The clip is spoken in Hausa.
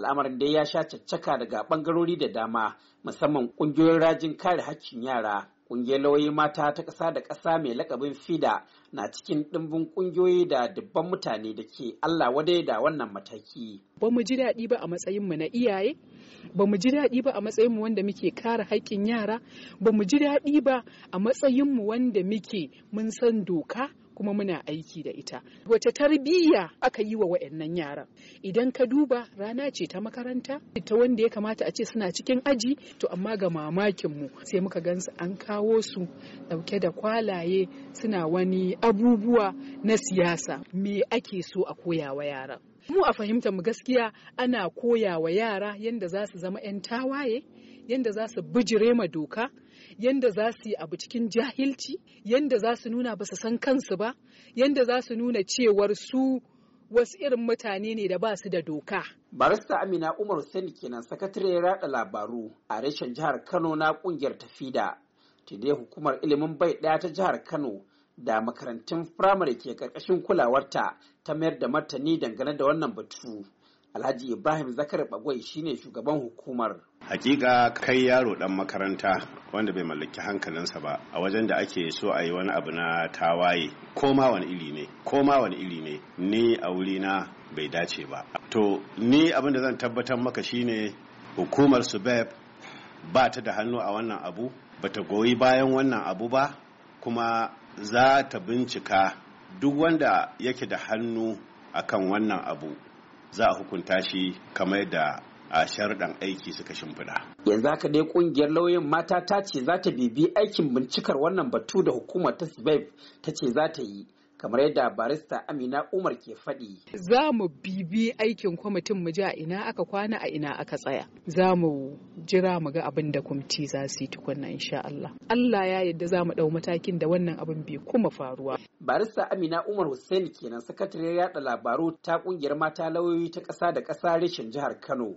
al'amarin dai ya sha caccaka daga bangarori da dama musamman ƙungiyoyin rajin kare haƙƙin yara ƙungiyar lauyi mata ta ƙasa da ƙasa mai lakabin fida na cikin ɗimbin ƙungiyoyi da dubban mutane da ke allah wadai da wannan mataki ba mu ji daɗi ba a matsayinmu na iyaye ba mu ji daɗi ba a matsayinmu wanda muke kare haƙƙin yara ba mu ji daɗi ba a matsayinmu wanda muke mun san doka kuma muna aiki da ita wace tarbiyya aka yi wa wa'annan yaran idan ka duba rana ce ta makaranta ta wanda ya kamata a ce suna cikin aji to amma ga mamakin mu sai muka gansu an kawo su dauke da kwalaye suna wani abubuwa na siyasa me ake so a koya wa yaran mu a fahimta mu gaskiya ana koya wa yara yanda za su zama 'yan tawaye yanda za su bijire ma doka yanda za su yi abu cikin jahilci yanda za su nuna ba su san kansu ba yanda za su nuna cewar su wasu irin mutane ne da ba su da doka. Barista Amina Umar Hussein kenan sakatare rada labaru a reshen jihar Kano na kungiyar tafida. dai, hukumar ilimin bai ɗaya ta jihar Kano da makarantun firamare ke karkashin kulawarta ta mayar da martani dangane da wannan batu. Alhaji Ibrahim Zakar Bagwai shine shugaban hukumar. hakika kai yaro dan makaranta wanda bai mallaki hankalinsa ba a wajen da ake so a yi wani abu na tawaye ko ma wani iri ne ko ma wani iri ne ni a na bai dace ba to ni abin da zan tabbatar maka shine hukumar subeb ba ta da hannu a wannan abu ba ta goyi bayan wannan abu ba kuma za ta bincika duk wanda yake da hannu akan wannan abu za a hukunta shi kamar da a sharɗan aiki suka shimfiɗa. yanzu haka dai ƙungiyar lauyan mata ta ce za ta bibi aikin bincikar wannan batu da hukumar ta ta ce za ta yi kamar yadda barista amina umar ke faɗi. za mu bibi aikin kwamitin mu ji a ina aka kwana a ina aka tsaya za mu jira mu ga abin da kwamiti za su yi tukunna insha Allah Allah ya yadda za mu ɗau matakin da wannan abin bai kuma faruwa barista amina umar Hussaini kenan sakatariyar yada labaru ta ƙungiyar mata lauyoyi ta ƙasa da ƙasa reshen jihar kano